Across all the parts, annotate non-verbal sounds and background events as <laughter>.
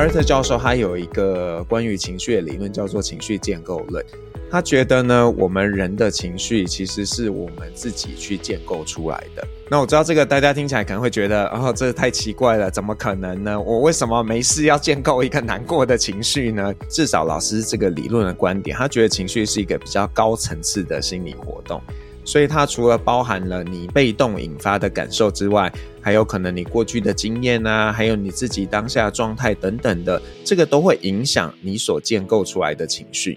阿爾特教授他有一個關於情緒的理論，叫做情緒建構論。他覺得呢，我們人的情緒其實是我們自己去建構出來的。那我知道這個，大家聽起來可能會覺得，哦，這太奇怪了，怎麼可能呢？我為什麼沒事要建構一個難過的情緒呢？至少老師這個理論的觀點，他覺得情緒是一個比較高層次的心理活動，所以它除了包含了你被動引發的感受之外。還有可能你過去的經驗啊，還有你自己當下的狀態等等的，這個都會影響你所建構出來的情緒。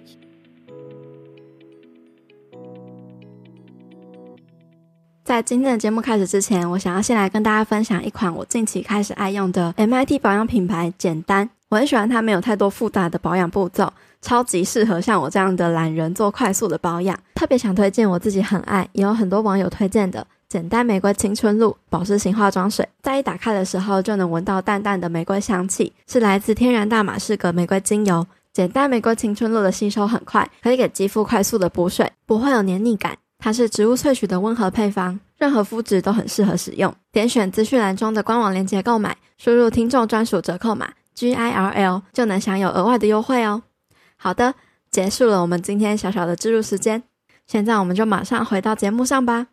在今天的節目開始之前，我想要先來跟大家分享一款我近期開始愛用的 MIT 保養品牌——簡單。我很喜歡它，沒有太多複雜的保養步驟，超級適合像我這樣的懶人做快速的保養。特別想推薦我自己很愛，也有很多網友推薦的。簡單玫瑰青春露保濕型化妝水，在一打開的時候就能聞到淡淡的玫瑰香氣，是來自天然大馬士革玫瑰精油。簡單玫瑰青春露的吸收很快，可以給肌膚快速的補水，不會有黏膩感。它是植物萃取的溫和配方，任何膚質都很適合使用。點選資訊欄中的官網鏈接購買，輸入聽眾專屬折扣碼 GIRL 就能享有額外的優惠哦。好的，結束了我們今天小小的置入時間，現在我們就馬上回到節目上吧。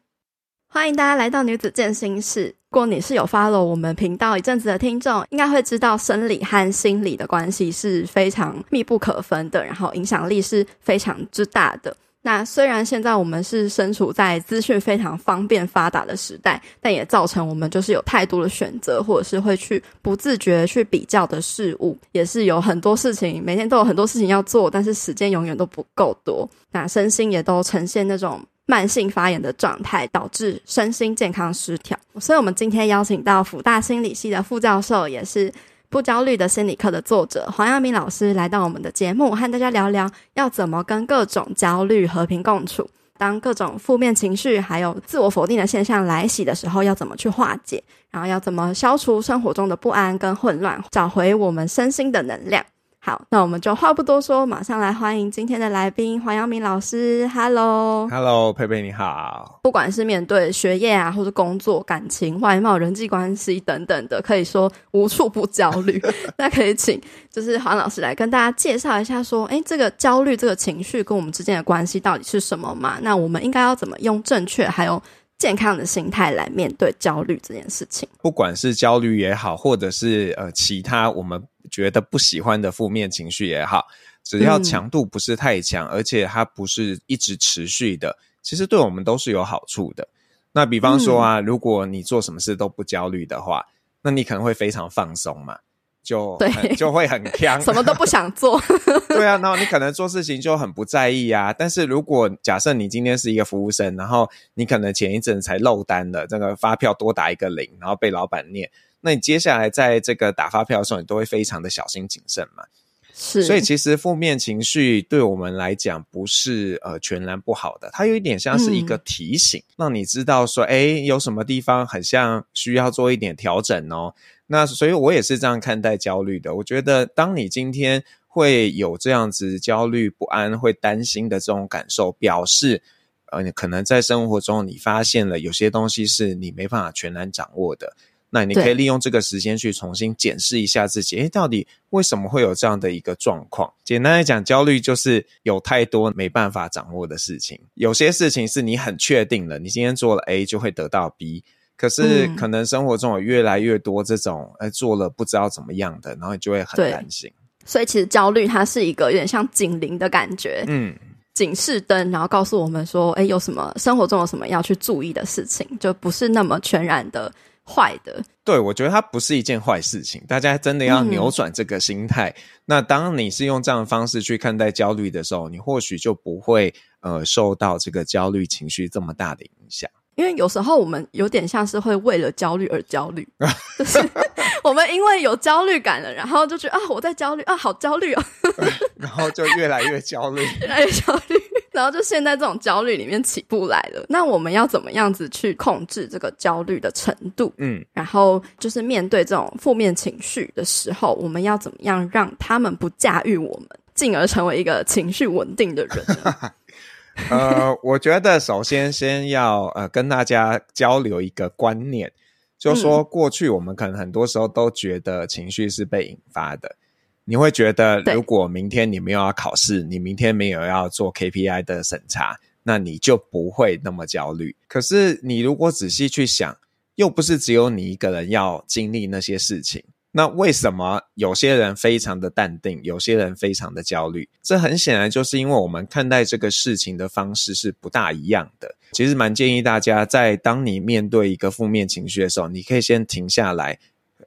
歡迎大家來到女子健心室。如果你是有 follow 我們頻道一陣子的聽眾，應該會知道生理和心理的關係是非常密不可分的，然後影響力是非常之大的。那雖然現在我們是身處在資訊非常方便發達的時代，但也造成我們就是有太多的選擇，或者是會去不自覺去比較的事物，也是有很多事情每天都有很多事情要做，但是時間永遠都不夠多。那身心也都呈現那種。慢性發炎的狀態，導致身心健康失調，所以我們今天邀請到輔大心理系的副教授，也是《不焦慮的心理課》的作者黃揚名老師，來到我們的節目，和大家聊聊要怎麼跟各種焦慮和平共處。當各種負面情緒還有自我否定的現象來襲的時候，要怎麼去化解？然後要怎麼消除生活中的不安跟混亂，找回我們身心的能量？好，那我們就話不多說，馬上來歡迎今天的來賓黃揚名老師。Hello，Hello，Hello, 佩佩你好。不管是面對學業啊，或者工作、感情、外貌、人際關係等等的，可以說無處不焦慮。 <laughs> 那可以請就是黃老師來跟大家介紹一下說，說、欸、誒，這個焦慮這個情緒跟我們之間的關係到底是什麼嘛？那我們應該要怎麼用正確還有健康的心態來面對焦慮這件事情，不管是焦慮也好，或者是呃其他我們覺得不喜歡的負面情緒也好，只要強度不是太強，而且它不是一直持續的，其實對我們都是有好處的。那比方說啊，嗯，如果你做什麼事都不焦慮的話，那你可能會非常放鬆嘛。就對、嗯，就會很僵，什麼都不想做 <laughs> 。對啊，然後你可能做事情就很不在意啊。 <laughs> 但是如果假設你今天是一個服務生，然後你可能前一陣才漏單了，這個發票多打一個零，然後被老闆念，那你接下來在這個打發票的時候，你都會非常的小心謹慎嘛。是，所以其實負面情緒對我們來講不是呃全然不好的，它有一點像是一個提醒，嗯、讓你知道說，誒、欸、有什麼地方很像需要做一點調整哦。那所以，我也是這樣看待焦慮的。我覺得，當你今天會有這樣子焦慮、不安、會擔心的這種感受，表示，呃，你可能在生活中你發現了有些東西是你沒辦法全然掌握的。那你可以利用這個時間去重新檢視一下自己，誒，到底為什麼會有這樣的一個狀況？簡單來講，焦慮就是有太多沒辦法掌握的事情。有些事情是你很確定了，你今天做了 A 就會得到 B。可是，可能生活中有越來越多這種，哎、嗯欸，做了不知道怎麼樣的，然後你就會很擔心。所以，其實焦慮它是一個有點像警鈴的感覺，嗯，警示燈，然後告訴我們說，哎、欸，有什麼生活中有什麼要去注意的事情，就不是那麼全然的壞的。對，我覺得它不是一件壞事情。大家真的要扭轉這個心態、嗯。那當你是用這樣的方式去看待焦慮的時候，你或許就不會呃受到這個焦慮情緒這麼大的影響。因為有時候我們有點像是會為了焦慮而焦慮， <laughs> 就是我們因為有焦慮感了，然後就覺得啊，我在焦慮啊，好焦慮哦， <laughs> 然後就越來越焦慮，越來越焦慮，然後就陷在這種焦慮裡面起不來了。那我們要怎麼樣子去控制這個焦慮的程度？嗯，然後就是面對這種負面情緒的時候，我們要怎麼樣讓他們不駕馭我們，進而成為一個情緒穩定的人呢？ <laughs> <laughs> 呃，我覺得首先先要呃跟大家交流一個觀念，就說過去我們可能很多時候都覺得情緒是被引發的。你會覺得，如果明天你沒有要考試，你明天沒有要做 KPI 的審查，那你就不會那麼焦慮。可是你如果仔細去想，又不是只有你一個人要經歷那些事情。那為什麼有些人非常的淡定，有些人非常的焦慮？這很顯然就是因為我們看待這個事情的方式是不大一樣的。其實蠻建議大家，在當你面對一個負面情緒的時候，你可以先停下來，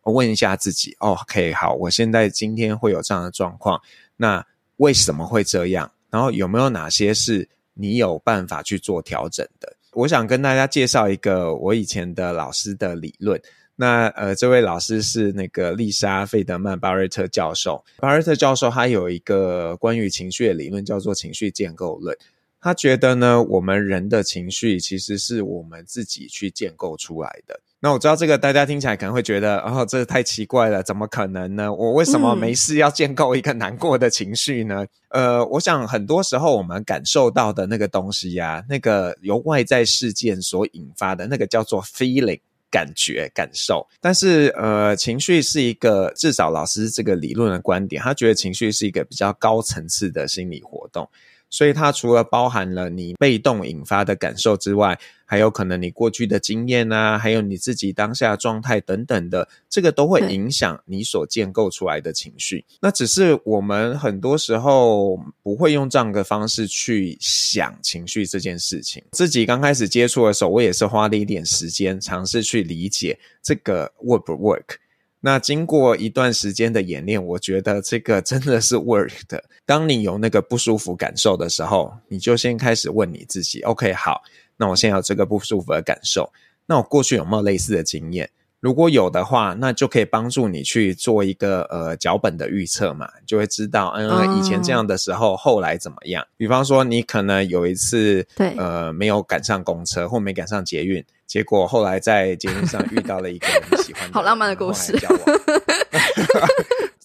問一下自己，OK，好，我現在今天會有這樣的狀況，那為什麼會這樣？然後有沒有哪些是你有辦法去做調整的？我想跟大家介紹一個我以前的老師的理論。那呃，這位老師是那個麗莎·費德曼·巴瑞特教授。巴瑞特教授他有一個關於情緒的理論，叫做情緒建構論。他覺得呢，我們人的情緒其實是我們自己去建構出來的。那我知道這個，大家聽起來可能會覺得，哦，這太奇怪了，怎麼可能呢？我為什麼沒事要建構一個難過的情緒呢？嗯、呃，我想很多時候我們感受到的那個東西呀、啊，那個由外在事件所引發的那個叫做 feeling。感覺、感受，但是呃，情緒是一個至少老師這個理論的觀點，他覺得情緒是一個比較高層次的心理活動。所以它除了包含了你被動引發的感受之外，還有可能你過去的經驗啊，還有你自己當下的狀態等等的，這個都會影響你所建構出來的情緒。嗯。那只是我們很多時候不會用這樣的方式去想情緒這件事情。自己剛開始接觸的時候，我也是花了一點時間嘗試去理解這個 work 不 work。那經過一段時間的演練，我覺得這個真的是 work 的，當你有那個不舒服感受的時候，你就先開始問你自己：OK，好，那我現在有這個不舒服的感受。那我過去有沒有類似的經驗？如果有的話，那就可以幫助你去做一個呃腳本的預測嘛，就會知道，嗯，以前這樣的時候、哦、後來怎麼樣？比方說，你可能有一次對呃沒有趕上公車或沒趕上捷運，結果後來在捷運上遇到了一個你喜歡的 <laughs> 好浪漫的故事。 <laughs>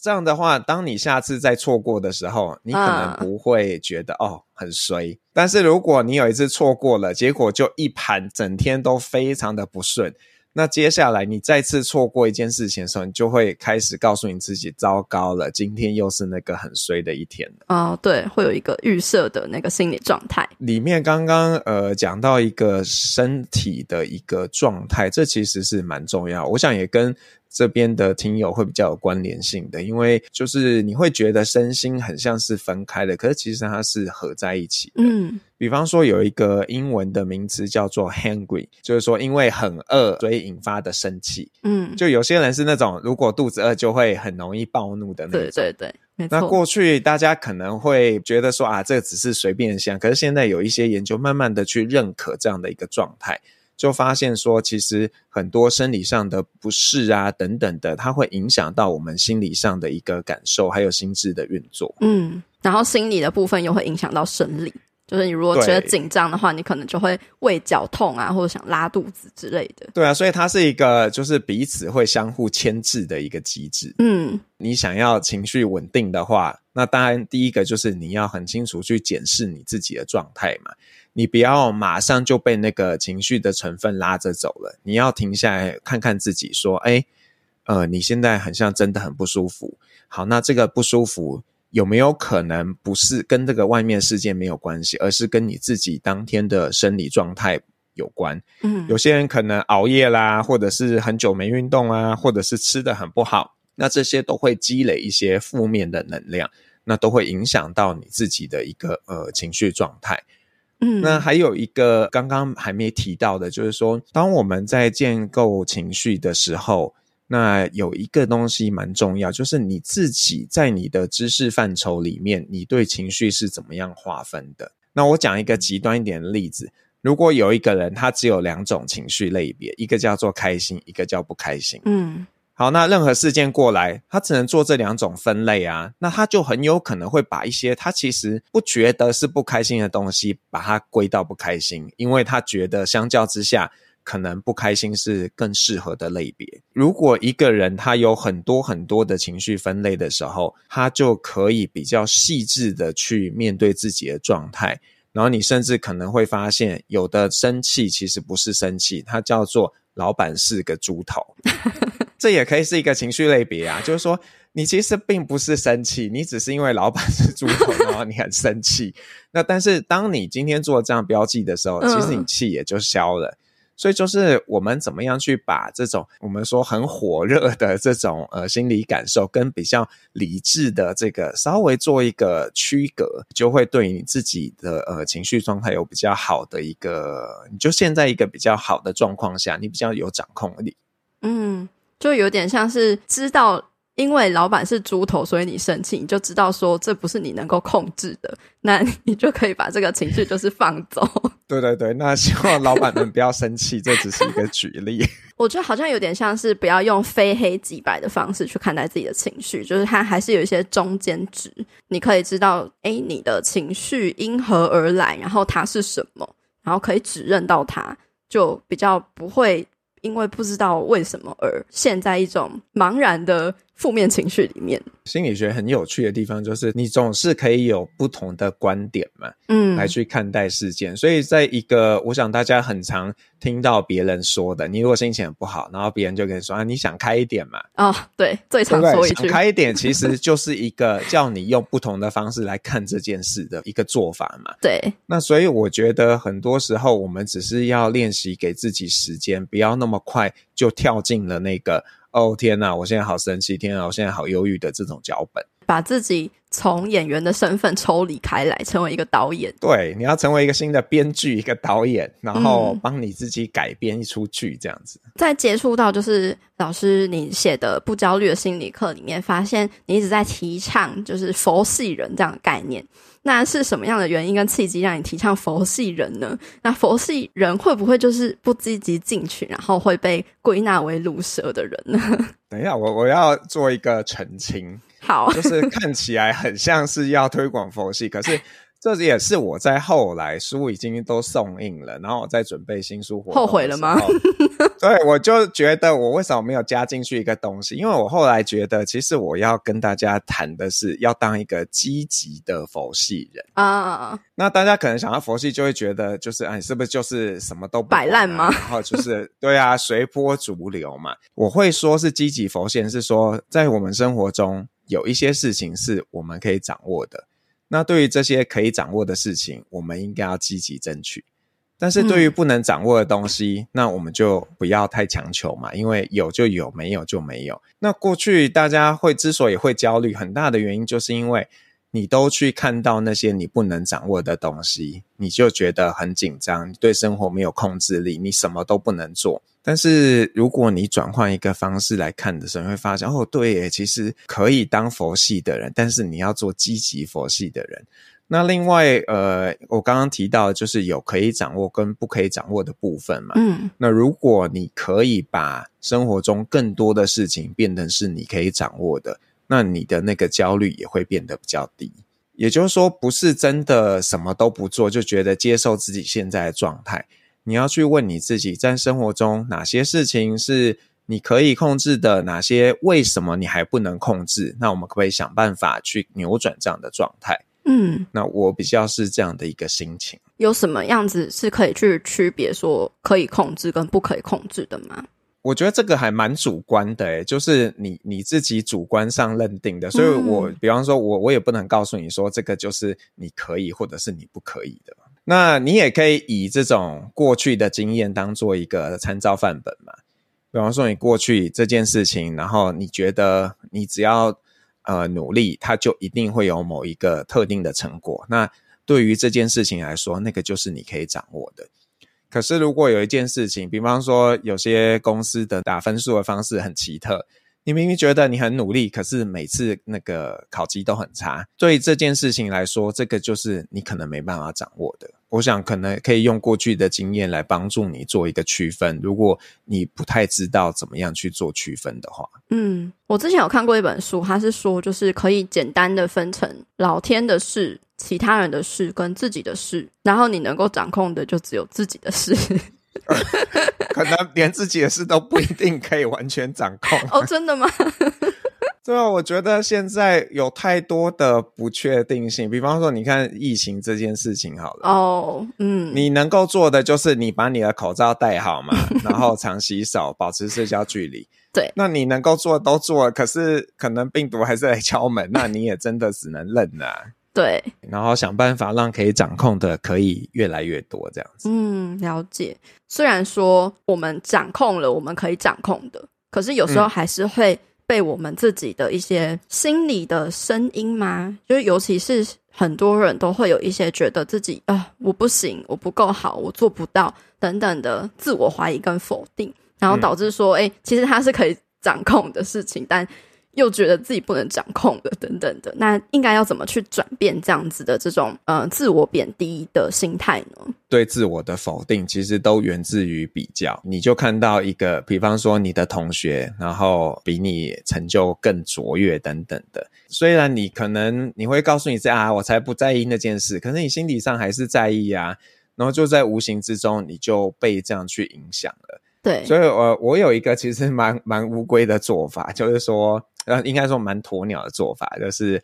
這樣的話，當你下次再錯過的時候，你可能不會覺得、啊、哦很衰。但是如果你有一次錯過了，結果就一盤整天都非常的不順。那接下來你再次錯過一件事情的時候，你就會開始告訴你自己，糟糕了，今天又是那個很衰的一天哦，啊，Oh，對，會有一個預設的那個心理狀態。裡面剛剛呃講到一個身體的一個狀態，這其實是蠻重要。我想也跟。這邊的聽友會比較有關聯性的，因為就是你會覺得身心很像是分開的，可是其實它是合在一起的。嗯，比方說有一個英文的名詞叫做 hangry，就是說因為很餓所以引發的生氣。嗯，就有些人是那種如果肚子餓就會很容易暴怒的那種。對對對，沒錯，那過去大家可能會覺得說啊，這個只是隨便想，可是現在有一些研究慢慢的去認可這樣的一個狀態。就發現說，其實很多生理上的不適啊，等等的，它會影響到我們心理上的一個感受，還有心智的運作。嗯，然後心理的部分又會影響到生理，就是你如果覺得緊張的話，你可能就會胃絞痛啊，或者想拉肚子之類的。對啊，所以它是一個就是彼此會相互牽制的一個機制。嗯，你想要情緒穩定的話，那當然第一個就是你要很清楚去檢視你自己的狀態嘛。你不要馬上就被那個情緒的成分拉着走了，你要停下來看看自己，說：“誒，呃，你現在好像真的很不舒服。”好，那這個不舒服有沒有可能不是跟這個外面世界沒有關係，而是跟你自己當天的生理狀態有關？嗯，有些人可能熬夜啦，或者是很久沒運動啊，或者是吃得很不好，那這些都會積累一些負面的能量，那都會影響到你自己的一個呃情緒狀態。那還有一個剛剛還沒提到的，就是說，當我們在建構情緒的時候，那有一個東西蠻重要，就是你自己在你的知識範疇裡面，你對情緒是怎麼樣劃分的？那我講一個極端一點的例子，如果有一個人，他只有兩種情緒類別，一個叫做開心，一個叫不開心，嗯。好，那任何事件過來，他只能做這兩種分類啊，那他就很有可能會把一些他其實不覺得是不開心的東西，把它歸到不開心，因為他覺得相較之下，可能不開心是更適合的類別。如果一個人他有很多很多的情緒分類的時候，他就可以比較細緻的去面對自己的狀態，然後你甚至可能會發現，有的生氣其實不是生氣，它叫做老板是個豬頭。 <laughs> 這也可以是一個情緒類別啊，就是說你其實並不是生氣，你只是因為老闆是豬頭，然後你很生氣。 <laughs> 那但是當你今天做這樣標記的時候，其實你氣也就消了。嗯、所以就是我們怎麼樣去把這種我們說很火熱的這種呃心理感受，跟比較理智的這個稍微做一個區隔，就會對你自己的呃情緒狀態有比較好的一個。你就現在一個比較好的狀況下，你比較有掌控力，嗯。就有點像是知道，因為老板是豬頭，所以你生氣，你就知道說這不是你能夠控制的，那你就可以把這個情緒就是放走。 <laughs> 對對對，那希望老板們不要生氣， <laughs> 這只是一個舉例。 <laughs> 我覺得好像有點像是不要用非黑即白的方式去看待自己的情緒，就是它還是有一些中間值。你可以知道，欸，你的情緒因何而來，然後它是什麼，然後可以指認到它，就比較不會。因為不知道為什麼而陷在一種茫然的。負面情緒裡面，心理學很有趣的地方就是，你總是可以有不同的觀點嘛，嗯，來去看待事件。所以在一個，我想大家很常聽到別人說的，你如果心情不好，然後別人就跟你說：“啊，你想開一點嘛。哦”啊，對，最常說一句“想開一點”，其實就是一個叫你用不同的方式 <laughs> 來看這件事的一個做法嘛。對，那所以我覺得很多時候我們只是要練習給自己時間，不要那麼快就跳進了那個。哦天吶，我現在好生氣，天啊我現在好憂鬱的這種腳本，把自己從演員的身份抽離開來，成為一個導演。對，你要成為一個新的編劇，一個導演，然後幫你自己改編一出劇，嗯，這樣子。在接觸到就是老師你寫的《不焦慮的心理課》裡面，發現你一直在提倡就是佛系人這樣的概念。那是什麼樣的原因跟契機讓你提倡佛系人呢？那佛系人會不會就是不積極進取，然後會被歸納為魯蛇的人呢？等一下，我我要做一個澄清。好，就是看起來很像是要推廣佛系， <laughs> 可是這也是我在後來書已經都送印了，然後我在準備新書活動。後悔了嗎？ <laughs> 對，我就覺得我為什麼沒有加進去一個東西？因為我後來覺得，其實我要跟大家談的是要當一個積極的佛系人啊，啊。啊啊，那大家可能想到佛系，就會覺得就是啊、哎，是不是就是什麼都不管擺爛、啊、嗎？ <laughs> 然後就是對啊，隨波逐流嘛。我會說是積極佛系人，是說在我們生活中，有一些事情是我們可以掌握的，那對於這些可以掌握的事情，我們應該要積極爭取。但是對於不能掌握的東西，嗯。那我們就不要太強求嘛，因為有就有，沒有就沒有。那過去大家會之所以會焦慮，很大的原因就是因為。你都去看到那些你不能掌握的東西，你就覺得很緊張，你對生活沒有控制力，你什麼都不能做。但是如果你轉換一個方式來看的時候，你會發現哦，對耶，其實可以當佛系的人，但是你要做積極佛系的人。那另外，呃，我剛剛提到就是有可以掌握跟不可以掌握的部分嘛。嗯，那如果你可以把生活中更多的事情變成是你可以掌握的。那你的那個焦慮也會變得比較低，也就是說，不是真的什麼都不做，就覺得接受自己現在的狀態。你要去問你自己，在生活中哪些事情是你可以控制的，哪些為什麼你還不能控制？那我們可不可以想辦法去扭轉這樣的狀態。嗯，那我比較是這樣的一個心情。有什麼樣子是可以去區別說可以控制跟不可以控制的嗎？我覺得這個還蠻主觀的誒，就是你你自己主觀上認定的，所以我比方說我，我我也不能告訴你說這個就是你可以，或者是你不可以的嘛。那你也可以以這種過去的經驗當做一個參照範本嘛。比方說，你過去這件事情，然後你覺得你只要呃努力，它就一定會有某一個特定的成果。那對於這件事情來說，那個就是你可以掌握的。可是，如果有一件事情，比方說有些公司的打分數的方式很奇特，你明明覺得你很努力，可是每次那個考績都很差。對於這件事情來說，這個就是你可能沒辦法掌握的。我想可能可以用過去的經驗來幫助你做一個區分。如果你不太知道怎麼樣去做區分的話，嗯，我之前有看過一本書，它是說就是可以簡單的分成老天的事、其他人的事跟自己的事，然後你能夠掌控的就只有自己的事。 <laughs> <laughs> 可能連自己的事都不一定可以完全掌控，啊。哦，真的嗎？ <laughs> 對啊，我覺得現在有太多的不確定性。比方說，你看疫情這件事情好了。哦，嗯，你能夠做的就是你把你的口罩戴好嘛，然後常洗手， <laughs> 保持社交距離。對，那你能夠做的都做了，可是可能病毒還是來敲門，那你也真的只能認了，啊。 <laughs> 對，然後想辦法讓可以掌控的可以越來越多，這樣子。嗯，了解。雖然說我們掌控了我們可以掌控的，可是有時候還是會被我們自己的一些心理的聲音嗎？嗯、就是尤其是很多人都會有一些覺得自己啊、呃，我不行，我不夠好，我做不到等等的自我懷疑跟否定，然後導致說，誒、嗯欸，其實它是可以掌控的事情，但。又覺得自己不能掌控的等等的，那應該要怎麼去轉變這樣子的這種呃自我貶低的心態呢？對自我的否定其實都源自於比較。你就看到一個，比方說你的同學，然後比你成就更卓越等等的。雖然你可能你會告訴你自己啊，我才不在意那件事，可是你心理上還是在意啊。然後就在無形之中你就被這樣去影響了。對，所以呃我，我有一個其實蠻蠻烏龜的做法，就是說。呃，應該說蠻鴕鳥的做法，就是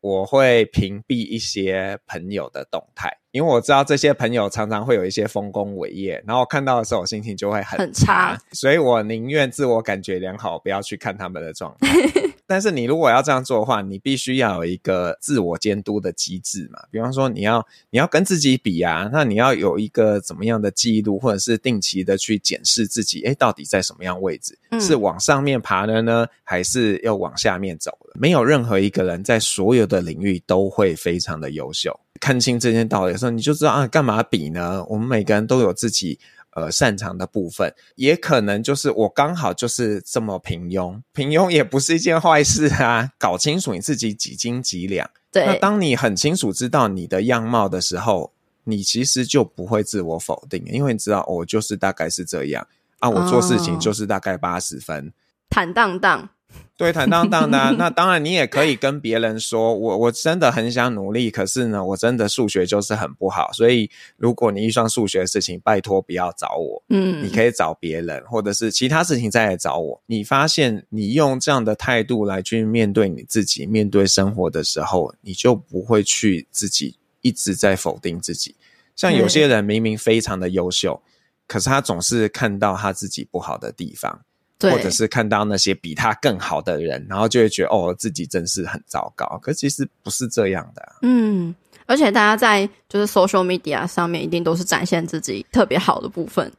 我會屏蔽一些朋友的動態。因為我知道這些朋友常常會有一些豐功偉業，然後看到的時候我心情就會很差、很差，所以我寧願自我感覺良好，不要去看他們的狀態。 <laughs> 但是你如果要這樣做的話，你必須要有一個自我監督的機制嘛。比方說，你要你要跟自己比啊，那你要有一個怎麼樣的記錄，或者是定期的去檢視自己，哎，到底在什麼樣位置？嗯、是往上面爬了呢，還是要往下面走了？沒有任何一個人在所有的領域都會非常的優秀。看清這件道理的時候，你就知道啊，幹嘛比呢？我們每個人都有自己呃擅長的部分，也可能就是我剛好就是這麼平庸，平庸也不是一件壞事啊。搞清楚你自己幾斤幾兩。對。那當你很清楚知道你的樣貌的時候，你其實就不會自我否定，因為你知道我，哦，就是大概是這樣啊，哦。我做事情就是大概八十分。坦蕩蕩。對，坦荡荡的。那當然，你也可以跟別人說，我我真的很想努力，可是呢，我真的數學就是很不好。所以，如果你遇上數學的事情，拜托不要找我，嗯，你可以找別人，或者是其他事情再來找我。你發現你用這樣的態度來去面對你自己，面對生活的時候，你就不會去自己一直在否定自己。像有些人明明非常的優秀，嗯、可是他總是看到他自己不好的地方。對，或者是看到那些比他更好的人，然後就會覺得哦，自己真是很糟糕。可其實不是這樣的啊。嗯，而且大家在就是 social media 上面，一定都是展現自己特別好的部分。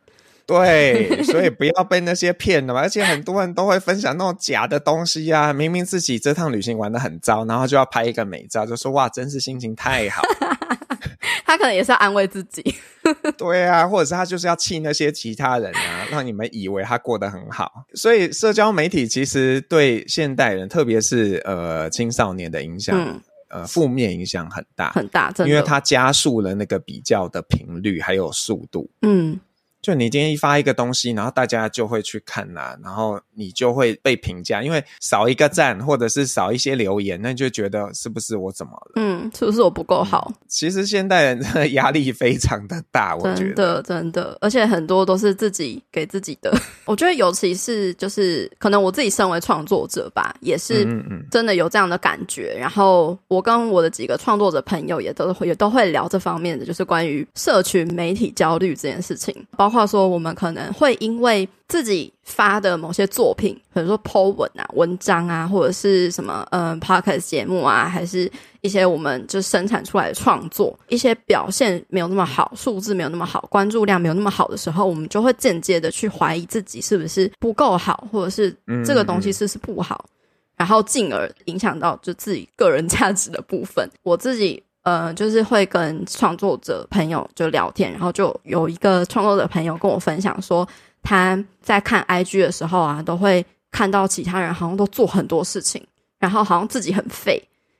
對，所以不要被那些騙了嘛， <laughs> 而且很多人都會分享那種假的東西啊，明明自己這趟旅行玩得很糟，然後就要拍一個美照，就說哇，真是心情太好。 <laughs> 他可能也是要安慰自己。 <laughs> 對啊，或者是他就是要氣那些其他人啊，讓你們以為他過得很好。所以社交媒體其實對現代人，特別是呃青少年的影響，嗯，呃，負面影響很大很大，因為它加速了那個比較的頻率還有速度。嗯。就你今天一發一個東西，然後大家就會去看吶、啊，然後你就會被評價，因為少一個讚或者是少一些留言，那你就覺得是不是我怎麼了？嗯，是不是我不夠好、嗯？其實現代人的壓力非常的大，的我覺得真的真的，而且很多都是自己給自己的。 <laughs> 我覺得尤其是就是可能我自己身為創作者吧，也是真的有這樣的感覺。嗯嗯，然後我跟我的幾個創作者朋友也都也都會聊這方面的，就是關於社群媒體焦慮這件事情包。話說，我們可能會因為自己發的某些作品，比如說 PO 文啊、文章啊，或者是什麼嗯，呃，Podcast 節目啊，還是一些我們就生產出來的創作，一些表現沒有那麼好，數字沒有那麼好，關注量沒有那麼好的時候，我們就會間接的去懷疑自己是不是不夠好，或者是這個東西是不是不好，嗯，然後進而影響到就自己個人價值的部分。我自己。呃，就是會跟創作者朋友就聊天，然後就有一個創作者朋友跟我分享說，他在看 IG 的時候啊，都會看到其他人好像都做很多事情，然後好像自己很廢。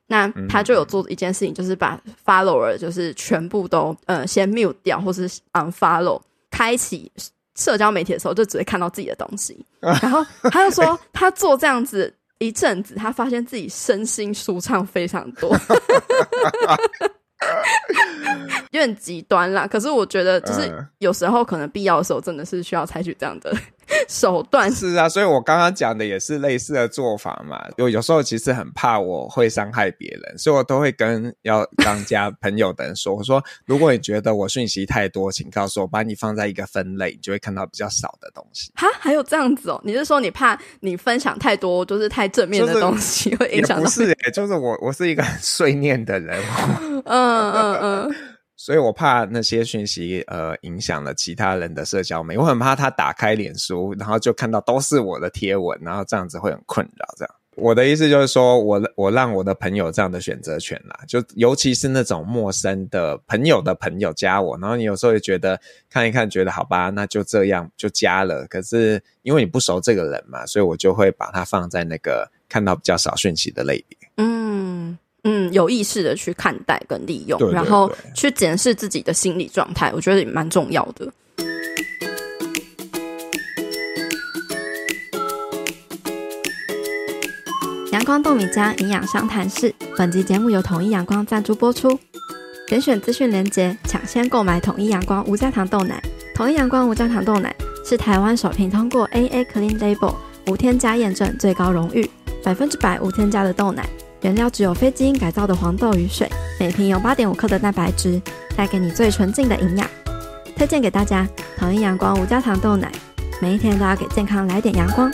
那他就有做一件事情，就是把 follower 就是全部都呃先 mute 掉，或是 unfollow，開啟社交媒體的時候就只會看到自己的東西。然後他就說他做這樣子。 <laughs> 一陣子，他發現自己身心舒暢非常多 <laughs> <laughs> 有點極端啦。可是我覺得，就是有時候可能必要的時候，真的是需要採取這樣的。手段是啊，所以我剛剛講的也是類似的做法嘛。有有時候其實很怕我會傷害別人，所以我都會跟要當家朋友的人說：“ <laughs> 我說如果你覺得我訊息太多，請告訴我，我把你放在一個分類，你就會看到比較少的東西。”哈，還有這樣子哦？你是說你怕你分享太多，就是太正面的東西，就是、會影響到？不是，就是我，我是一個很碎念的人。嗯 <laughs> 嗯 <laughs> 嗯。嗯嗯 <laughs> 所以我怕那些訊息，呃，影響了其他人的社交面。我很怕他打開臉書，然後就看到都是我的貼文，然後這樣子會很困擾。這樣，我的意思就是說，我我讓我的朋友這樣的選擇權啦，就尤其是那種陌生的朋友的朋友加我，然後你有時候也覺得看一看，覺得好吧，那就這樣就加了。可是因為你不熟這個人嘛，所以我就會把它放在那個看到比較少訊息的類別。嗯。嗯，有意識的去看待跟利用，對對對然後去檢視自己的心理狀態，我覺得也蠻重要的。嗯，陽光豆米家營養商談室，本集節目由統一陽光贊助播出。點選資訊鏈接，搶先購買統一陽光無加糖豆奶。統一陽光無加糖豆奶是台灣首瓶通過 AA Clean Label 無添加驗證最高榮譽，百分之百無添加的豆奶。原料只有非基因改造的黃豆與水，每瓶有八點五克的蛋白質，帶給你最純淨的營養。推薦給大家，統一陽光無加糖豆奶，每一天都要給健康來點陽光。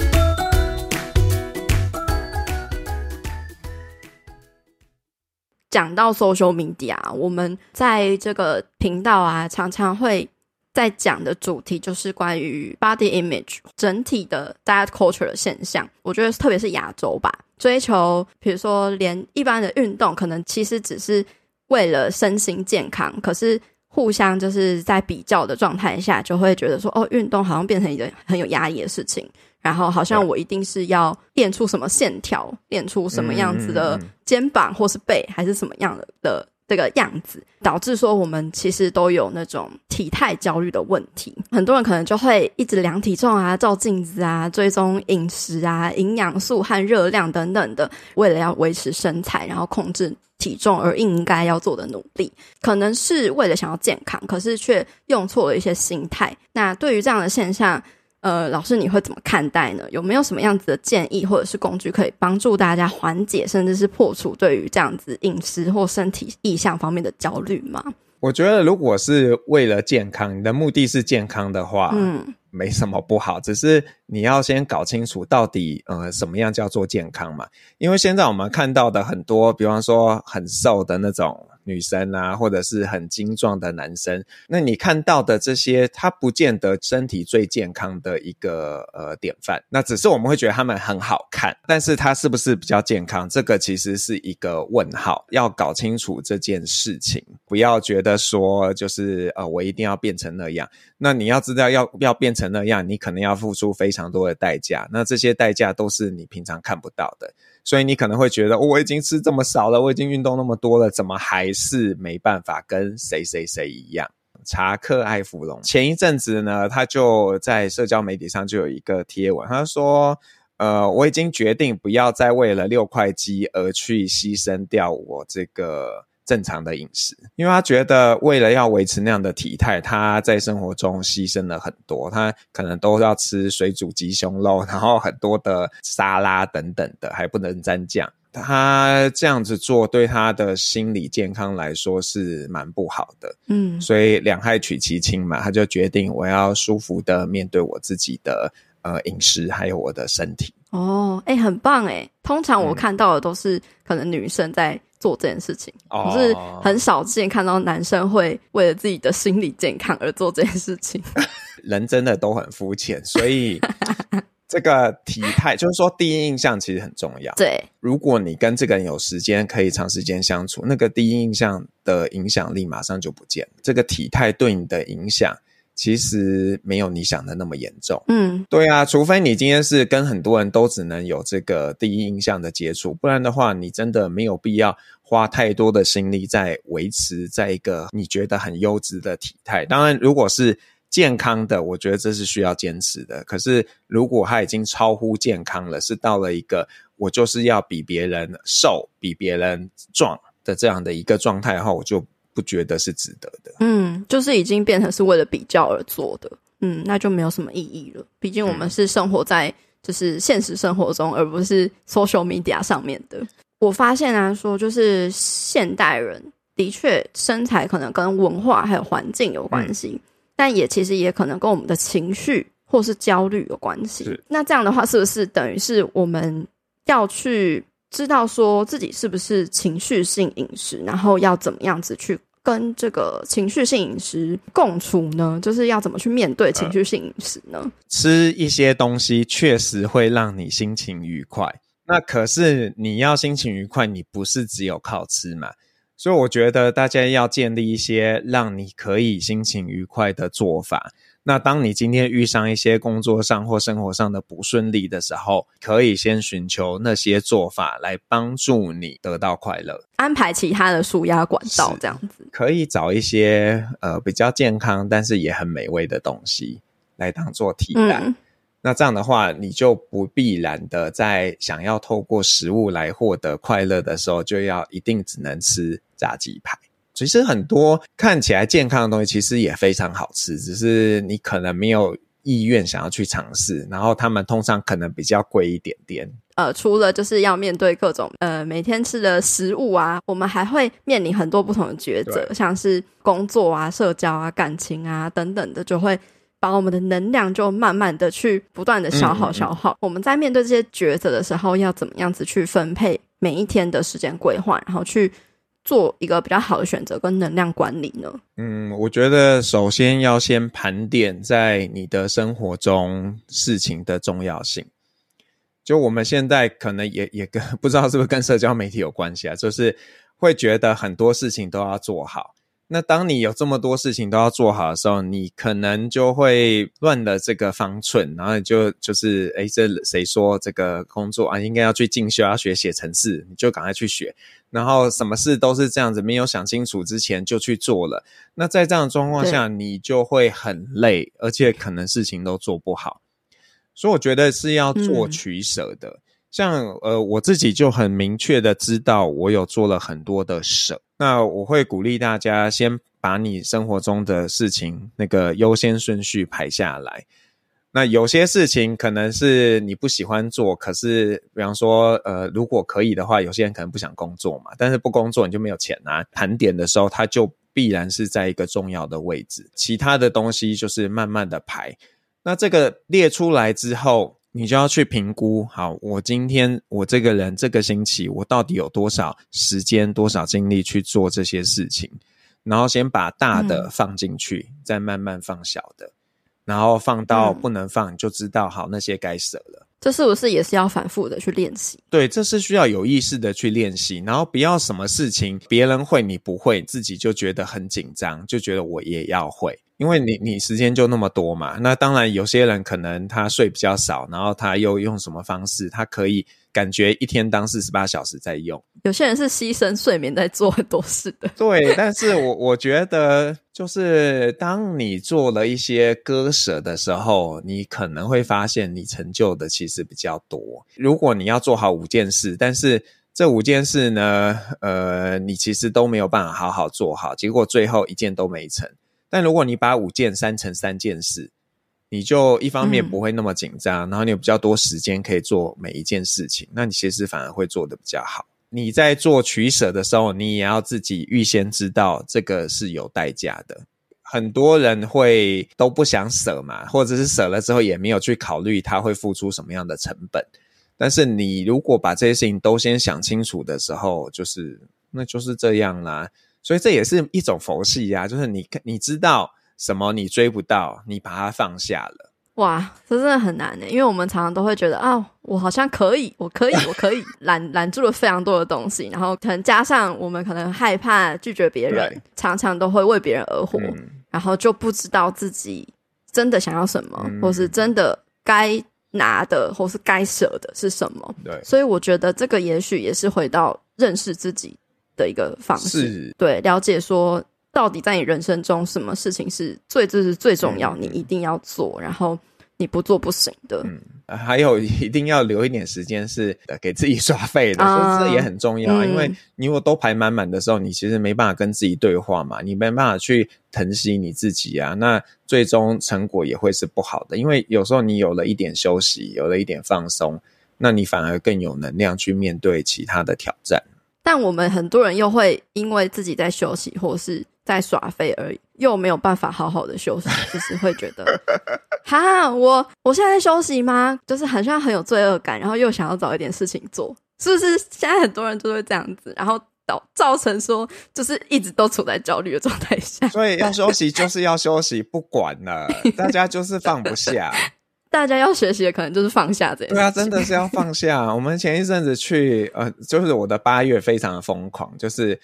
講到 social media 啊，我們在這個頻道啊，常常會，在講的主題就是關於 body image 整體的 diet culture 的現象，我覺得特別是亞洲吧，追求，比如說連一般的運動，可能其實只是為了身心健康，可是互相就是在比較的狀態下，就會覺得說，哦，運動好像變成一個很有壓抑的事情，然後好像我一定是要練出什麼線條，練出什麼樣子的肩膀或是背，還是什麼樣的。這個樣子，導致說我們其實都有那種體態焦慮的問題。很多人可能就會一直量體重啊、照鏡子啊、追蹤飲食啊、營養素和熱量等等的，為了要維持身材，然後控制體重而應該要做的努力，可能是為了想要健康，可是卻用錯了一些心態。那對於這樣的現象，呃，老師，你會怎麼看待呢？有沒有什麼樣子的建議或者是工具可以幫助大家緩解，甚至是破除對於這樣子飲食或身體意象方面的焦慮嗎？我覺得，如果是為了健康，你的目的是健康的話，嗯，沒什麼不好，只是。你要先搞清楚到底呃什麼樣叫做健康嘛。因為現在我們看到的很多，比方說很瘦的那種女生啊，或者是很精壯的男生，那你看到的這些，他不見得身體最健康的一個呃典範。那只是我們會覺得他們很好看，但是他是不是比較健康？這個其實是一個問號。要搞清楚這件事情，不要覺得說就是呃我一定要變成那樣。那你要知道要要變成那樣，你可能要付出非常。多的代價，那這些代價都是你平常看不到的。所以你可能會覺得，哦，我已經吃這麼少了，我已經運動那麼多了，怎麼還是沒辦法跟誰誰誰一樣？查克·艾弗隆前一陣子呢，他就在社交媒體上就有一個貼文，他說：“呃，我已經決定不要再為了六塊肌而去犧牲掉我這個。”正常的飲食，因為他覺得為了要維持那樣的體態，他在生活中犧牲了很多，他可能都要吃水煮雞胸肉，然後很多的沙拉等等的，還不能沾醬。他這樣子做對他的心理健康來說是蠻不好的，嗯，所以兩害取其輕嘛，他就決定我要舒服的面對我自己的呃飲食，還有我的身體。哦，誒，欸，很棒誒，通常我看到的都是可能女生在。嗯做這件事情，可、oh. 是很少見看到男生會為了自己的心理健康而做這件事情。 <laughs> 人真的都很膚淺，所以 <laughs> 這個體態就是說第一印象其實很重要。對， <laughs> 如果你跟這個人有時間可以長時間相處，那個第一印象的影響力馬上就不見了。這個體態對你的影響。其實沒有你想的那麼嚴重，嗯，對啊，除非你今天是跟很多人都只能有這個第一印象的接觸，不然的話，你真的沒有必要花太多的心力在維持在一個你覺得很優質的體態。當然，如果是健康的，我覺得這是需要堅持的。可是，如果他已經超乎健康了，是到了一個我就是要比別人瘦、比別人壯的這樣的一個狀態後，我就。不覺得是值得的，嗯，就是已經變成是為了比較而做的，嗯，那就沒有什麼意義了。畢竟我們是生活在就是現實生活中，嗯，而不是 social media 上面的。我發現啊，說就是現代人的確身材可能跟文化還有環境有關係，嗯，但也其實也可能跟我們的情緒或是焦慮有關係。那這樣的話，是不是等於是我們要去，知道說自己是不是情緒性飲食，然後要怎麼樣子去跟這個情緒性飲食共處呢？就是要怎麼去面對情緒性飲食呢？呃，吃一些東西確實會讓你心情愉快，那可是你要心情愉快，你不是只有靠吃嘛？所以我覺得大家要建立一些讓你可以心情愉快的做法。那當你今天遇上一些工作上或生活上的不順利的時候，可以先尋求那些做法來幫助你得到快樂，安排其他的舒壓管道，這樣子可以找一些呃比較健康，但是也很美味的東西來當做替代。那這樣的話，你就不必然的在想要透過食物來獲得快樂的時候，就要一定只能吃炸雞排。其實很多看起來健康的東西，其實也非常好吃，只是你可能沒有意願想要去嘗試。然後他們通常可能比較貴一點點。呃，除了就是要面對各種呃每天吃的食物啊，我們還會面臨很多不同的抉擇，像是工作啊、社交啊、感情啊等等的，就會把我們的能量就慢慢的去不斷的消耗消耗，嗯嗯。我們在面對這些抉擇的時候，要怎麼樣子去分配每一天的時間規劃，然後去。做一個比較好的選擇跟能量管理呢？嗯，我覺得首先要先盤點在你的生活中事情的重要性，就我們現在可能也也跟，不知道是不是跟社交媒體有關係啊，就是會覺得很多事情都要做好。那當你有這麼多事情都要做好的時候，你可能就會亂了這個方寸，然後你就就是哎，這誰說這個工作啊，應該要去進修，要學寫程式，你就趕快去學，然後什麼事都是這樣子，沒有想清楚之前就去做了。那在這樣的狀況下，你就會很累，而且可能事情都做不好。所以我覺得是要做取捨的。嗯、像呃，我自己就很明確的知道，我有做了很多的捨。那我會鼓勵大家先把你生活中的事情那個優先順序排下來。那有些事情可能是你不喜歡做，可是比方說，呃，如果可以的話，有些人可能不想工作嘛，但是不工作你就沒有錢拿。盤點的時候，它就必然是在一個重要的位置，其他的東西就是慢慢的排。那這個列出來之後，你就要去評估，好，我今天、我這個人、這個星期我到底有多少時間、多少精力去做這些事情，然後先把大的放進去，嗯、再慢慢放小的，然後放到不能放，嗯、就知道好，那些該捨了。這是不是也是要反復的去練習？對，這是需要有意識的去練習，然後不要什麼事情別人會你不會，自己就覺得很緊張，就覺得我也要會。因為你你時間就那麼多嘛，那當然有些人可能他睡比較少，然後他又用什麼方式，他可以感覺一天當四十八小時在用。有些人是犧牲睡眠在做很多事的。 <laughs> 對，但是我我覺得，就是當你做了一些割舍的時候，你可能會發現你成就的其實比較多。如果你要做好五件事，但是這五件事呢，呃，你其實都沒有辦法好好做好，結果最後一件都沒成。但如果你把五件刪成三件事，你就一方面不會那麼緊張、嗯，然後你有比較多時間可以做每一件事情，那你其實反而會做得比較好。你在做取捨的時候，你也要自己預先知道這個是有代價的。很多人會都不想捨嘛，或者是捨了之後也沒有去考慮他會付出什麼樣的成本。但是你如果把這些事情都先想清楚的時候，就是那就是這樣啦。所以這也是一種佛系啊，就是你你知道什麼你追不到，你把它放下了。哇，這真的很難的，因為我們常常都會覺得啊、哦，我好像可以，我可以，我可以，攬攬住了非常多的東西，然後可能加上我們可能害怕拒絕別人，常常都會為別人而活、嗯，然後就不知道自己真的想要什麼，嗯、或是真的該拿的或是該捨的是什麼。對，所以我覺得這個也許也是回到認識自己的一個方式，對，了解說到底，在你人生中，什麼事情是最就是最重要、嗯，你一定要做，然後你不做不行的。嗯，呃、還有一定要留一點時間是、呃、給自己耍廢的，這也很重要、嗯，因為你如果都排滿滿的時候，你其實沒辦法跟自己對話嘛，你沒辦法去疼惜你自己啊，那最終成果也會是不好的。因為有時候你有了一點休息，有了一點放鬆，那你反而更有能量去面對其他的挑戰。但我們很多人又會因為自己在休息或是在耍廢而已，又沒有辦法好好的休息，就是會覺得，哈、 <laughs> 啊，我，我現在在休息嗎？就是好像很有罪惡感，然後又想要找一點事情做，是不是？現在很多人都會這樣子，然後導造成說，就是一直都處在焦慮的狀態下。所以要休息就是要休息，不管了， <laughs> 大家就是放不下。大家要學習的可能就是放下這樣。對啊，真的是要放下。 <laughs> 我們前一陣子去，呃，就是我的八月非常的瘋狂，就是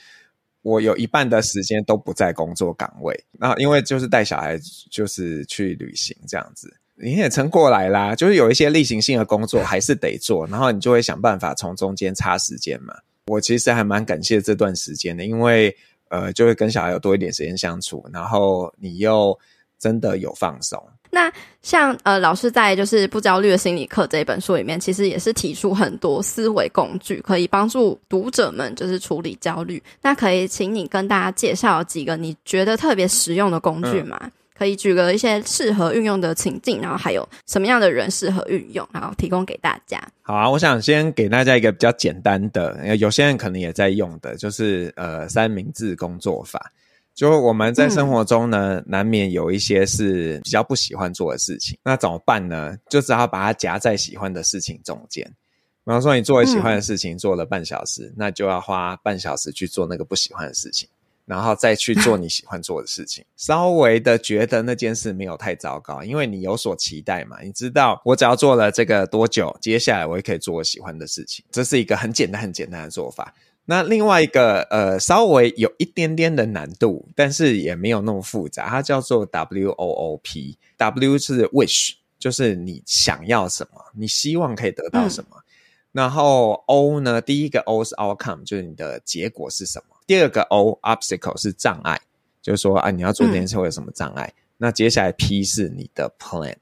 我有一半的時間都不在工作崗位，然後因為就是帶小孩，就是去旅行這樣子，你也撐過來啦。就是有一些例行性的工作還是得做，嗯、然後你就會想辦法從中間插時間嘛。我其實還蠻感謝這段時間的，因為呃，就會跟小孩有多一點時間相處，然後你又真的有放鬆。那像呃，老師在就是不焦慮的心理課這一本書裡面，其實也是提出很多思維工具，可以幫助讀者們就是處理焦慮。那可以請你跟大家介紹幾個你覺得特別實用的工具嗎？嗯、可以舉個一些適合運用的情境，然後還有什麼樣的人適合運用，然後提供給大家。好啊，我想先給大家一個比較簡單的，有些人可能也在用的，就是呃三明治工作法。就我們在生活中呢、嗯，難免有一些是比較不喜歡做的事情，那怎麼辦呢？就只好把它夾在喜歡的事情中間。比方說，你做了喜歡的事情、嗯，做了半小時，那就要花半小時去做那個不喜歡的事情，然後再去做你喜歡做的事情。嗯、稍微的覺得那件事沒有太糟糕，因為你有所期待嘛。你知道，我只要做了這個多久，接下來我也可以做我喜歡的事情。這是一個很簡單、很簡單的做法。那另外一個呃，稍微有一點點的難度，但是也沒有那麼複雜。它叫做 W O O P。W 是 wish，就是你想要什麼，你希望可以得到什麼、嗯。然後 O 呢，第一個 O 是 outcome，就是你的結果是什麼。第二個 O obstacle 是障礙，就是說啊，你要做這件事會有什麼障礙、嗯。那接下來 P 是你的 plan。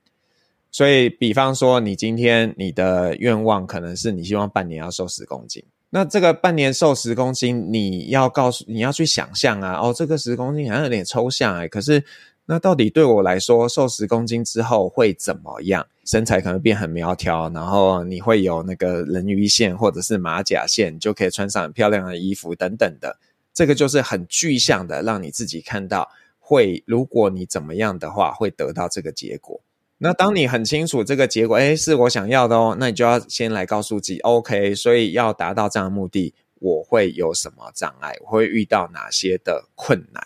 所以，比方說，你今天你的願望可能是你希望半年要瘦十公斤。那這個半年瘦十公斤，你要告訴，你要去想象啊，哦，這個十公斤好像有點抽象哎，可是那到底對我來說，瘦十公斤之後會怎麼樣？身材可能變很苗條，然後你會有那個人魚線或者是馬甲線，就可以穿上很漂亮的衣服等等的。這個就是很具象的，讓你自己看到會，如果你怎麼樣的話，會得到這個結果。那當你很清楚這個結果，誒，是我想要的哦，那你就要先來告訴自己，OK，所以要達到這樣的目的，我會有什麼障礙，我會遇到哪些的困難？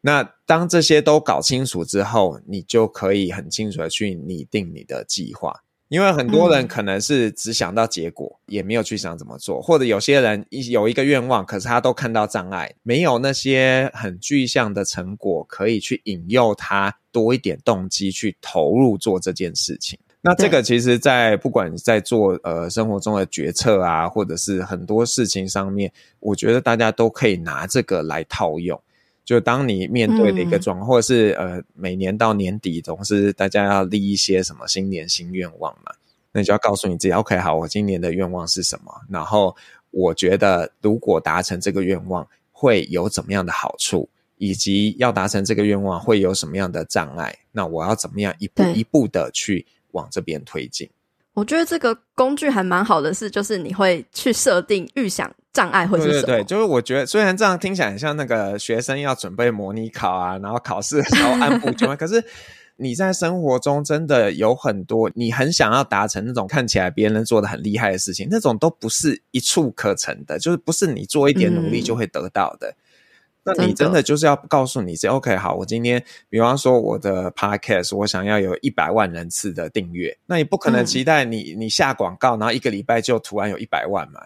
那當這些都搞清楚之後，你就可以很清楚的去擬定你的計劃。因為很多人可能是只想到結果，嗯，也沒有去想怎麼做，或者有些人有一個願望，可是他都看到障礙，沒有那些很具象的成果可以去引誘他多一點動機去投入做這件事情。那這個其實在，在不管在做呃生活中的決策啊，或者是很多事情上面，我覺得大家都可以拿這個來套用。就當你面對的一個狀況，嗯、或者是呃，每年到年底總是大家要立一些什麼新年新願望嘛，那你就要告訴你自己，嗯，OK，好，我今年的願望是什麼？然後我覺得如果達成這個願望會有怎麼樣的好處，以及要達成這個願望會有什麼樣的障礙？那我要怎麼樣一步一步的去往這邊推進？我覺得這個工具還蠻好的，是就是你會去設定預想障礙或者什麼。對對、對就是我覺得雖然這樣聽起來很像那個學生要準備模擬考啊，然後考試然後按部就班， <laughs> 可是你在生活中真的有很多你很想要達成那種看起來別人做得很厲害的事情，那種都不是一蹴可成的，就是不是你做一點努力就會得到的。嗯那你真的就是要告訴你，這 OK 好。我今天比方說我的 Podcast，我想要有一百萬人次的訂閱，那你不可能期待你、嗯、你下廣告，然後一個禮拜就突然有一百萬嘛？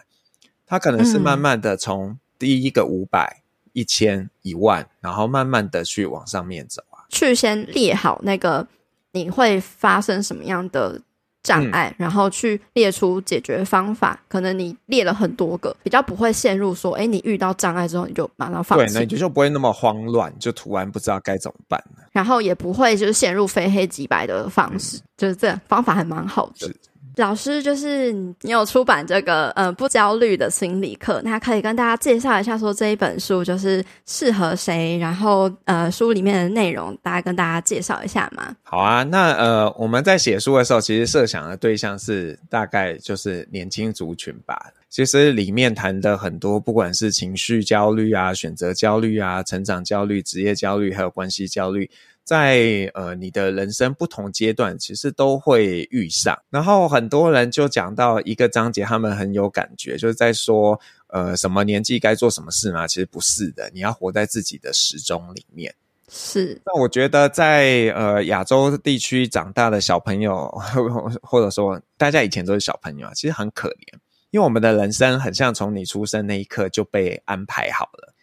他可能是慢慢的從第一個五百、嗯、一千、一萬，然後慢慢的去往上面走啊。去先列好那個你會發生什麼樣的？障礙，然後去列出解決方法、嗯。可能你列了很多個，比較不會陷入說，哎、欸，你遇到障礙之後你就把它放棄。對，那你就不會那麼慌亂，就突然不知道該怎麼辦。然後也不會就是陷入非黑即白的方式，嗯、就是這樣，方法還蠻好的。老師，就是你有出版這個呃不焦慮的心理課，那可以跟大家介紹一下，說這一本書就是適合誰，然後呃書裡面的內容，大家跟大家介紹一下嗎？好啊，那呃我們在寫書的時候，其實設想的對象是大概就是年輕族群吧。其實裡面談的很多，不管是情緒焦慮啊、選擇焦慮啊、成長焦慮、職業焦慮，還有關係焦慮，在呃你的人生不同階段，其實都會遇上。然後很多人就講到一個章節，他們很有感覺，就是在說呃什麼年紀該做什麼事嘛。其實不是的，你要活在自己的時鐘裡面。是。那我覺得在，在呃亞洲地區長大的小朋友，或或者說大家以前都是小朋友啊，其實很可憐。因為我們的人生很像從你出生那一刻就被安排好了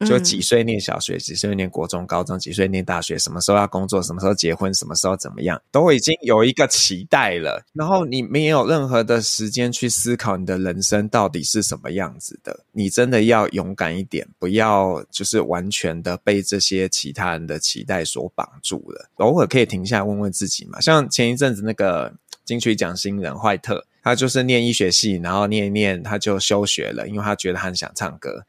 就，就、嗯、幾歲念小學，幾歲念國中、高中，幾歲念大學，什麼時候要工作，什麼時候結婚，什麼時候怎麼樣，都已經有一個期待了。然後你沒有任何的時間去思考你的人生到底是什麼樣子的。你真的要勇敢一點，不要就是完全的被這些其他人的期待所綁住了。偶爾可以停下來問問自己嘛，像前一陣子那個金曲獎新人壞特。他就是念醫學系，然後念一念，他就休學了，因為他覺得他很想唱歌，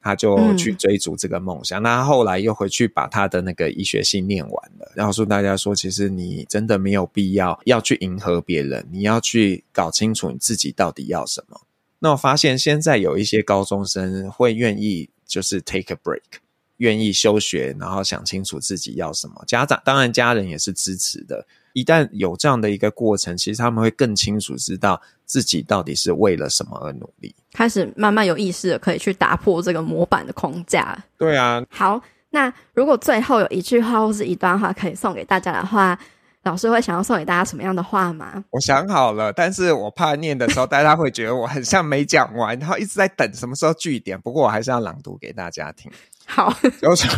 他就去追逐這個夢想。那、嗯、後，後來又回去把他的那個醫學系念完了，告訴大家說，其實你真的沒有必要要去迎合別人，你要去搞清楚你自己到底要什麼。那我發現現在有一些高中生會願意就是 take a break。願意休學，然後想清楚自己要什麼。家長，當然家人也是支持的。一旦有這樣的一個過程，其實他們會更清楚知道自己到底是為了什麼而努力，開始慢慢有意識的可以去打破這個模板的框架。對啊。好，那如果最後有一句話或是一段話可以送給大家的話，老師會想要送給大家什麼樣的話嗎？我想好了，但是我怕念的時候大家會覺得我很像沒講完，然後一直在等什麼時候句點。不過我還是要朗讀給大家聽。好、 <laughs> 就是，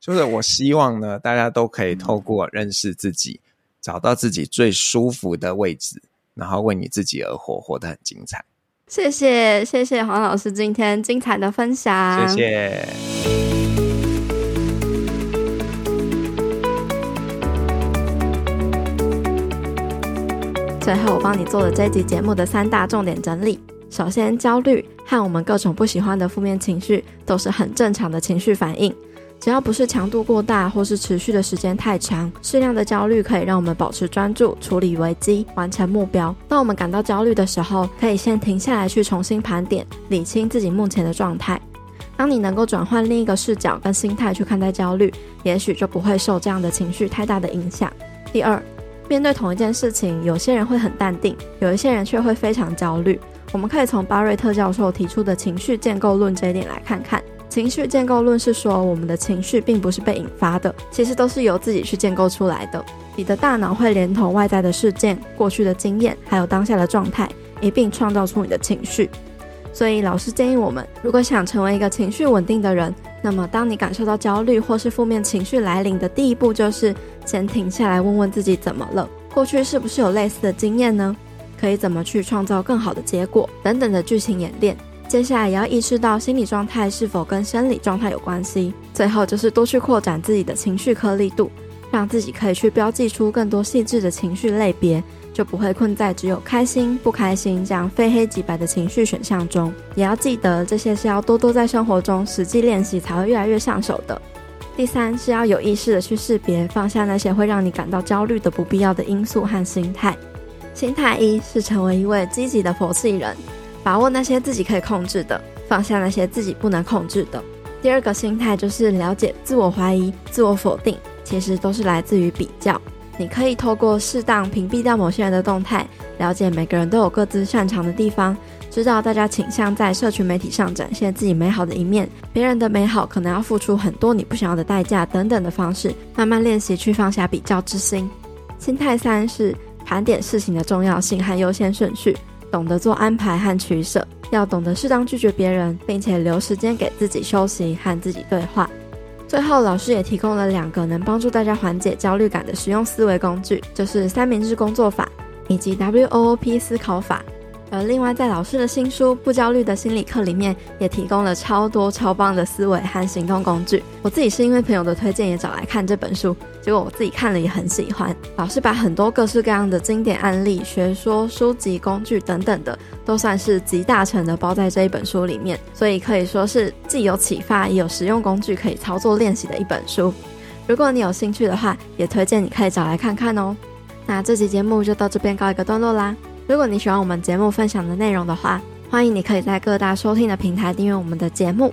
就是我希望呢，大家都可以透過認識自己，找到自己最舒服的位置，然後為你自己而活，活得很精彩。謝謝，謝謝黃老師今天精彩的分享。謝謝。最後，我幫你做了這集節目的三大重點整理。首先，焦慮。和我們各種不喜歡的負面情緒都是很正常的情緒反應，只要不是強度過大或是持續的時間太長，適量的焦慮可以讓我們保持專注、處理危機、完成目標。當我們感到焦慮的時候，可以先停下來去重新盤點、理清自己目前的狀態。當你能夠轉換另一個視角跟心態去看待焦慮，也許就不會受這樣的情緒太大的影響。第二，面對同一件事情，有些人會很淡定，有一些人卻會非常焦慮。我們可以從巴瑞特教授提出的情緒建構論這一點來看看。情緒建構論是說，我們的情緒並不是被引發的，其實都是由自己去建構出來的。你的大腦會連同外在的事件、過去的經驗，還有當下的狀態，一併創造出你的情緒。所以，老師建議我們，如果想成為一個情緒穩定的人，那麼當你感受到焦慮或是負面情緒來臨的第一步，就是先停下來問問自己怎麼了，過去是不是有類似的經驗呢？可以怎麼去創造更好的結果等等的劇情演練。接下來也要意識到心理狀態是否跟生理狀態有關係。最後就是多去擴展自己的情緒顆粒度，讓自己可以去標記出更多細緻的情緒類別，就不會困在只有開心、不開心這樣非黑即白的情緒選項中。也要記得這些是要多多在生活中實際練習才會越來越上手的。第三是要有意識地去識別放下那些會讓你感到焦慮的不必要的因素和心態。心態一是成為一位積極的佛系人，把握那些自己可以控制的，放下那些自己不能控制的。第二個心態就是了解自我懷疑、自我否定，其實都是來自於比較。你可以透過適當屏蔽掉某些人的動態，了解每個人都有各自擅長的地方，知道大家傾向在社群媒體上展現自己美好的一面，別人的美好可能要付出很多你不想要的代價等等的方式，慢慢練習去放下比較之心。心態三是。盤點事情的重要性和優先順序，懂得做安排和取舍，要懂得適當拒絕別人，並且留時間給自己休息和自己對話。最後，老師也提供了兩個能幫助大家緩解焦慮感的實用思維工具，就是三明治工作法以及 W O O P 思考法。而另外，在老師的新書《不焦慮的心理課》裡面，也提供了超多超棒的思維和行動工具。我自己是因為朋友的推薦也找來看這本書，結果我自己看了也很喜歡。老師把很多各式各樣的經典案例、學說、書籍、工具等等的，都算是集大成的包在這一本書裡面，所以可以說是既有啟發，也有實用工具可以操作練習的一本書。如果你有興趣的話，也推薦你可以找來看看哦、喔。那這期節目就到這邊告一個段落啦。如果你喜歡我們節目分享的內容的話，歡迎你可以在各大收聽的平台訂閱我們的節目。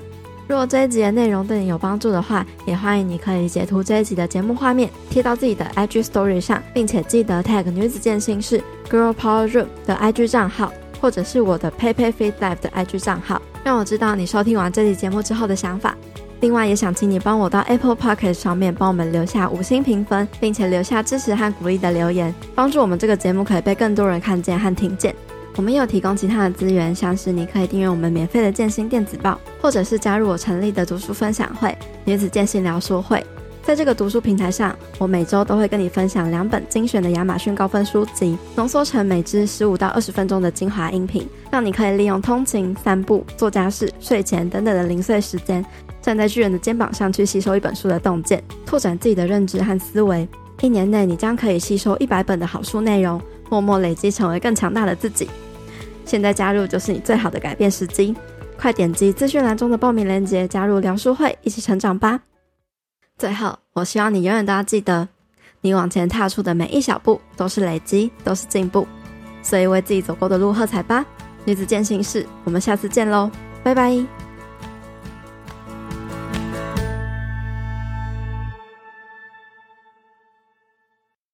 如果這一集的內容對你有幫助的話，也歡迎你可以截圖這一集的節目畫面貼到自己的 IG Story 上，並且記得 tag 女子健心室 Girl Power Room 的 IG 賬號，或者是我的 Peipei Fit Life 的 IG 賬號，讓我知道你收聽完這期節目之後的想法。另外，也想請你幫我到 Apple Podcast 上面幫我們留下五星評分，並且留下支持和鼓勵的留言，幫助我們這個節目可以被更多人看見和聽見。我們也有提供其他的資源，像是你可以訂閱我們免費的健心電子報，或者是加入我成立的讀書分享會——女子健心療書會。在這個讀書平台上，我每周都會跟你分享兩本精選的亞馬遜高分書籍，濃縮成每支十五到二十分鐘的精華音頻，讓你可以利用通勤、散步、做家事、睡前等等的零碎時間。站在巨人的肩膀上去吸收一本書的洞見，拓展自己的認知和思維。一年內，你將可以吸收一百本的好書內容，默默累積，成為更強大的自己。現在加入就是你最好的改變時機，快點擊資訊欄中的報名鏈接，加入療書會，一起成長吧。最後，我希望你永遠都要記得，你往前踏出的每一小步都是累積，都是進步。所以為自己走過的路喝彩吧！女子健心室，我們下次見嘍，拜拜。